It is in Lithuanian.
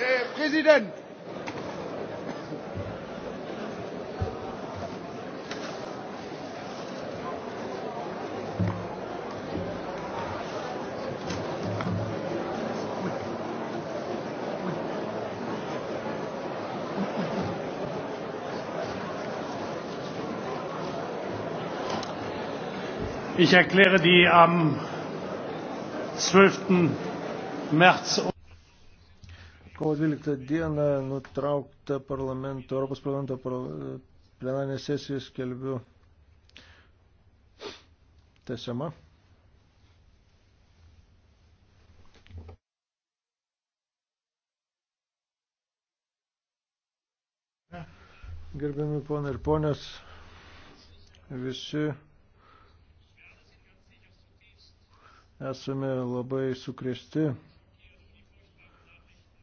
Herr Präsident! ich erkläre die am. zwölf märz. Kovo 12 dieną nutraukta parlamento, Europos parlamento plenarinė sesija skelbiu tesiama. Gerbiami ponai ir ponės, visi esame labai sukrėsti